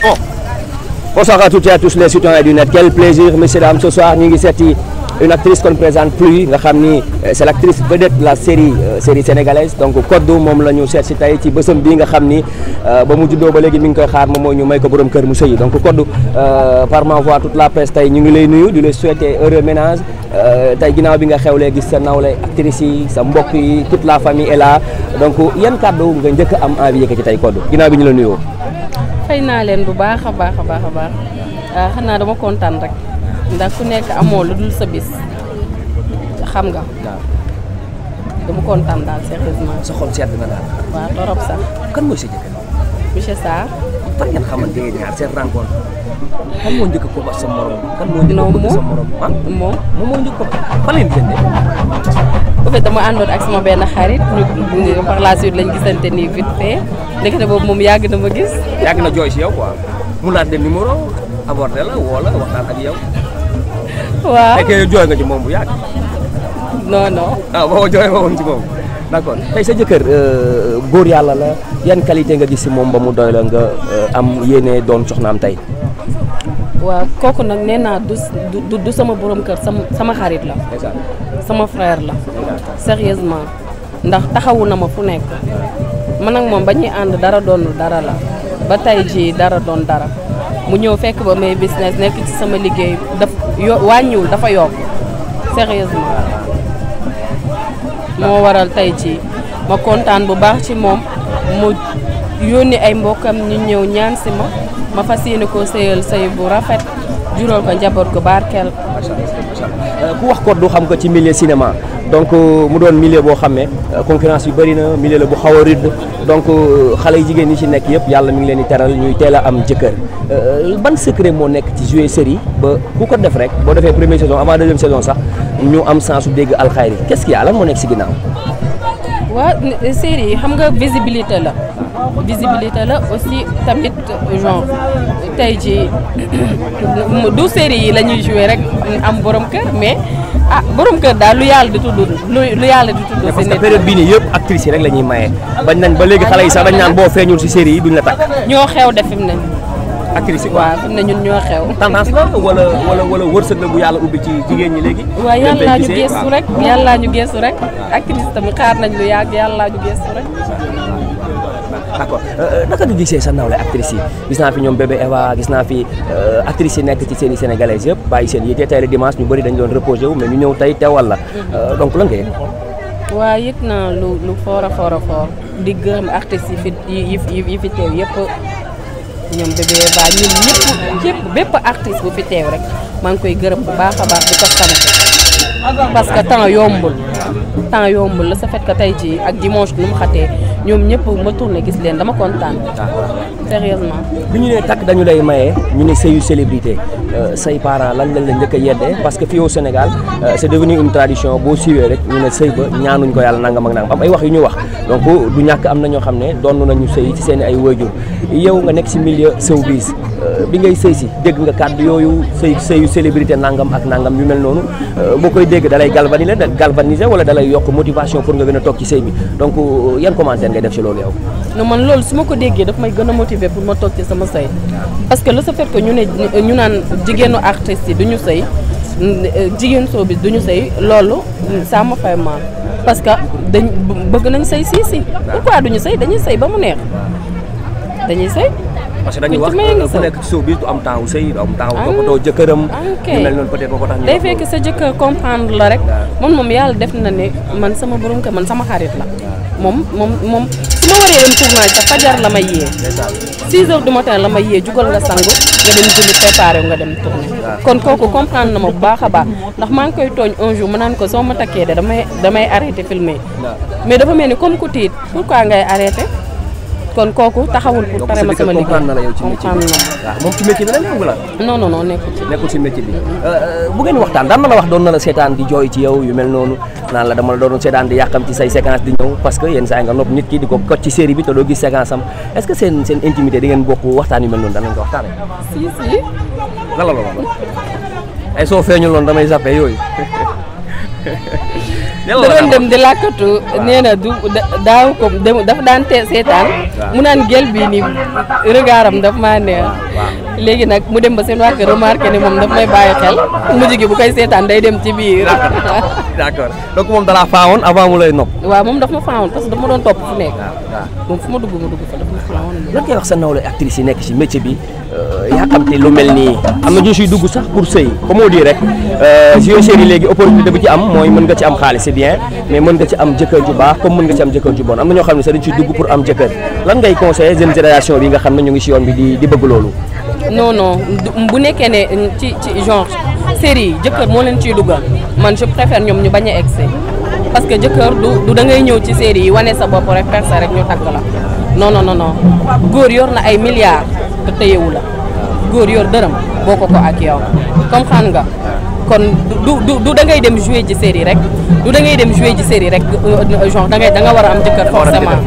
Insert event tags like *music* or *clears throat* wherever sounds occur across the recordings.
Bon. Bonsoir à toutes et à tous les citoyens du net. Quel plaisir, messieurs, dames, ce soir ñu ngi seeti une actrice qu'on présent présente plus nga xam ni euh, c'est l'actrice vedette de la série euh, série sénégalaise donc Kodou moom la ñu seet si tey ci bésam bii nga xam ni euh, ba mu juddoo ba léegi mi ngi koy xaar moom mooy ñu may ko borom kër mu sëyi donc Kodou euh, par ma voix toute la presse tey ñu ngi lay nuyu di la souhaiter heureux ménage tey ginnaaw bi nga xewlee gis sa nawle actrice yi sa mbokk yi la famille est donc yan kàddu nga njëkk am envie yëkkati tey Kodou ginnaaw bi ñu la nuyoo. xëy naa leen bu baax a baax a baax a baax ah, xanaa dama kontaan rek ndax ku nekk amoo lu dul sa bis xam nga. dama kontaan daal sérieusement. sa xol sedd na daal. waaw torop sax. kan mooy sa fan ngeen xamante ne ñaar seen rencontre kan moo njëkk ko ba sa morom kan moo njëkk ko ba sa morom ah moom moom moo njëkk la suite lañ boobu moom yàgg na ma gis yàgg na jooy si yow quoi mu laaj le numéro abordé la woo la waxtaan ak yow waaw fekkee jooy nga ci moom bu yàgg non non waaw ah, boo jooy nga woon ci moom d'accord tey sa jëkkër euh, góor yàlla la yan qualité nga gis si moom ba mu doy la nga euh, am yéene doon soxnaam tey. waaw kooku nag nee naa du sama boroom kër sama sama xarit la. sama frère la. sérieusement ndax taxawu na ma fu nekk. man nag moom ba ñuy ànd dara doonul dara la ba tey jii dara doon dara mu ñëw fekk ba may business nekk ci sama liggéey daf wàññiwul dafa yokk sérieusement moo waral tey jii ma kontaan bu baax ci moom. mu yónni ay mbokkam ñu ñëw ñaan si ma ma fas yéene koo sëyal sëy bu rafet juróom ko njaboot gu barkeel. Euh, ku wax ko du xam ko ci milieu cinéma donc euh, mu doon milieu boo xam ne euh, concurrence yu bëri na milieu la bu xaw a rude donc xale jigéen ñi ci nekk yëpp yàlla mu ngi leen di teral ñuy teel am jëkkër ban secret moo nekk ci jouer série ba ku ko def rek boo defee première saison avant deuxième saison sax ñu am sens su dégg alxayri qu'est-ce qu'il y moo nekk si ginnaaw. waaw série yi xam nga visibilité la visibilité la aussi tamit genre tey ji *clears throat* du série yi la ñuy joué rek am borom kër mais ah borom kër daal lu yàlla di tudd lu yàlla di tudd. parce que période bii nii yëpp actrices yi rek la ñuy maye bañ nañ ba léegi xale yi sax dañ naan boo feeñul si série yi duñ la takk. ñoo xew defim nañ. actrice yi waaw fi mu ne ñun ñoo xew tendance la wala wala wërsëg la bu yàlla ubbi ci jigéen ñi léegi waaw yàllaa ñu geestu rek yàllaa ñu geestu rek actrice tamit xaar nañ lu yàgg yàllaa ñu geestu rek d' accord euh, euh, naka nga gisee sa nawle actrice yi gis naa fi ñoom bébé Eva gis naa fi euh, actrice yi nekk ci seen i sénégalaises yëpp bàyyi seen yite tey la dimanche ñu bari dañ doon reposé wu mais ñu ñëw tey teewal la donc lan nga yëg waaw naa lu lu foor a foor di gërëm artistes yi fi yi fi ñoom bébé ba ñun ñëpp képp bépp artiste bu fi teew rek maa ngi koy gërëm bu baax a baax bu ko sant parce que temps yombul temps yombul la sa fait que tey jii ak dimanche nu mu xatee ñoom ñëpp ma tourné gis leen dama kontaan. sérieusement. bi ñu nee takk dañu lay maye ñu ne sëyu célébrité euh, say parent lan lañ la njëkk a parce que fii au Sénégal euh, c' est une tradition boo siiwee rek ñu ne sëy ba ñaanuñ ko yàlla nangam ak nangam am ay wax yu ñu wax donc du ñàkk am na ñoo xam ne doon nañu sëy ci seen ay waajur yow nga nekk ci milieu showbiz bi ngay sëy si dégg nga kàddu yooyu sëy sëyu célébrité nangam ak nangam yu mel noonu euh, boo koy dégg dalay galvaniser galvaniser wala dalay yokk motivation pour nga gën a toog ci sëy bi donc euh, yan commentaire ngay def loolu yow non man loolu su déggee daf gën a motiver pour ma toog sama sëy parce que le fait que ñu ne ñu naan jigéenu artistes yi du ñu sëy euh, jigéen soo bi du ñu sëy loolu ça me fait mal parce que dañ bëgg nañ sëy sii si addu ñu sëy dañuy sëy ba mu neex dañuy sëy parce que dañuy wax euh, ku nekk ci showbiz du am temps wu sëy du ah, sa jëkkër comprendre la rek man moom yàlla def na ne man sama borom kër man sama xarit la moom moom moom su ma waree dem tournage sa fajar la ma yee 6 heures du matin la ma yee jugal nga sangu nga dem julli préparé nga dem tourné kon kooku comprendre na ma bu baax a baax ndax maa ngi koy tooñ un ma naan ko soo ma takkee de damay damay arrêté filmer mais dafa mel ni comme ku tiit pourquoi ngay arrêté kon kooku taxawul pour tere ma sama liggéey na la nekkul ci nekkul ci métier bi euh, euh, waxtaan daan na la wax doon na la seetaan di jooy ci yow yu mel noonu naan la dama la doon seetaan di yàqam ci say séquence di ñëw parce que yénn saa nga nopp nit ki di ko kot ci série bi te doo gis séquence am que seen seen intimité di waxtaan yu noonu daan nañ ko waxtaane si soo feeñu loon damay zappé yooyu *laughs* da doon dem di làkkatu nee na du daaw ko dafa daan te seetaan mu naan gel bii nii regardam daf maa neex léegi nag mu dem ba seen waa kër remarqué ne moom daf may bàyyi xel mujj gi bu koy seetaan day dem ci biir d'accord donc moom dalaa faawoon avant mu lay nopp waaw moom daf ma faawoon parce que daf ma doon topp fu nekk moom fu ma dugg ma dugg fa daf ma faawoon lan ngay wax sa nawle actrice yi nekk ci métier bi euh, yàkkamti lu mel nii am na ñu siy dugg sax pour sëy comme on dit rek jeux série léegi opportunité bi ci am mooy mën nga ci am xaalis c'est bien mais mën nga ci am jëkkër ju baax comme mën nga ci am jëkkër ju bon am na ñoo xam ne sax dañ siy dugg pour am jëkkër lan ngay conseiller jeune génération bi nga xam ne ñu ngi si yoon bi di di bëgg loolu non non bu nekkee ne mm, ci ci genre série jëkkër moo leen ciy duggal man je préfère ñoom ñu bañ a excès parce que jëkkër du du da ngay ñëw ci série yi wane sa bopp rek persa rek ñu tàgg la non non non góor yor na ay milliards te góor yor dërëm bokk ko ak yow comme xam kon du du du da ngay dem jouer ji série rek du da ngay dem jouer ji série rek euh, genre da danga war a am jëkkër forcément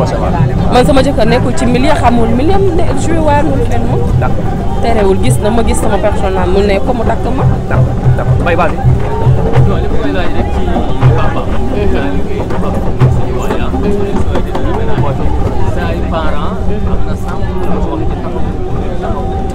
man sama jëkkër nekkul ci milieu xamul milieu ne joué waarul fenn moom terewul gis na ma gis sama personnel mu ne ko mu takk ma bay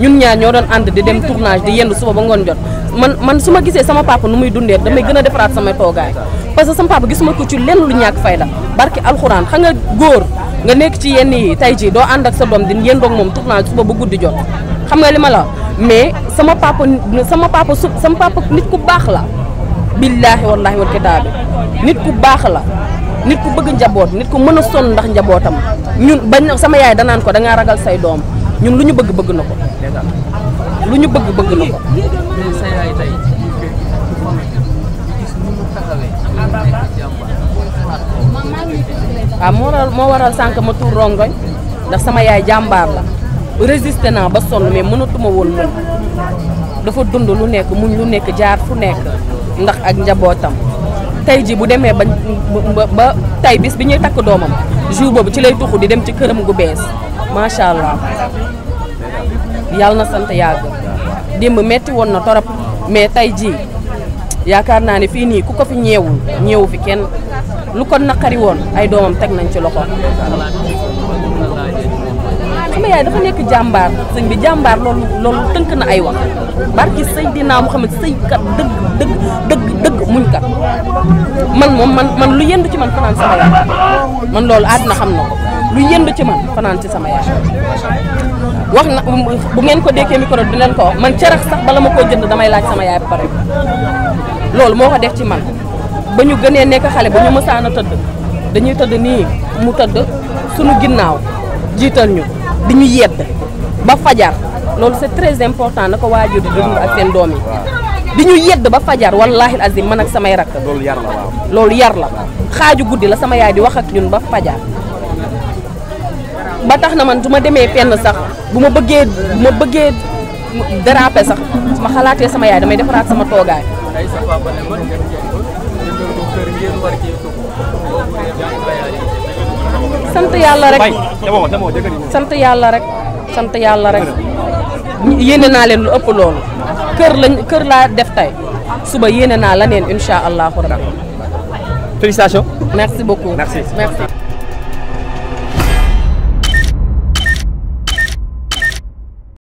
ñun ñaar ñoo doon ànd di dem tournage di yenn suba ba ngoon jot man man su ma gisee sama papa nu muy dundee damay gën a defaraat samay toogaay parce que sama papa gisuma ko ci lenn lu ñàkk fayda barki alxuraan xam nga góor nga nekk ci yenn yi jii doo ànd ak sa doom di yendoog moom tournage suba ba guddi jot xam nga li ma la mais sama papa sama papa su sama papa nit ku baax la billaahi wallaahi wal kitaabi nit ku baax la nit ku bëgg njaboot nit ku mën a sonn ndax njabootam ñun bañ sama yaay danaan ko dangaa ragal say doom ñun lu ñu bëgg bëgg na ko lu ñu bëgg bëgg na ko waaw ah, moo waral moo waral sànq ma tuur rongoñ ndax sama yaay jàmbaar la résisté naa ba sonn mais mënatuma woon moom dafa dund lu nekk muñ lu nekk jaar fu nekk ndax ak njabootam tey ji bu demee ba ba tey bis bi ñuy takk doomam jour boobu ci lay tuxu di dem ci këram gu bees macha allah yàlla na sant yàgg démb metti woon na torop mais tey jii yaakaar naa ne fii nii ku ko fi ñeewul ñeewu fi kenn lu ko naqari woon ay doomam teg nañ ci loxo. sama yaay dafa nekk jàmbaar sëñ bi jàmbaar loolu loolu tënk na ay wax barki sëy dinaa mu xamante sëykat dëgg dëgg dëgg dëgg muñ kat man moom man man lu yendu ci man fanaan sama man loolu àdduna xam na lu yënd ci man fanaan ci sama yaay wax na bu ngeen ko dékkee micro di leen ko wax man cerax sax bala ma ko jënd damay laaj sama yaay pare loolu moo ko def ci man ba ñu gënee nekk xale ba ñu mësaan a tëdd dañuy tëdd nii mu tëdd sunu ginnaaw jiital ñu di ñu yedd ba fajar loolu c'est très important na ko waajur di dund ak seen doom yi di ñu yedd ba fajar wallaahi azim man ak samay rakk loolu loolu yar la xaaju guddi la sama yaay di wax ak ñun ba fajar ba tax na man du ma demee fenn sax bu ma bëggee bu sax su ma xalaatee sama yaay damay defaraat sama toogaay. sant yàlla rek sant yàlla rek sant yàlla rek yéene naa leen lu ëpp loolu kër lañ kër laa def tey suba yéene naa la neen incha allahu rabbi.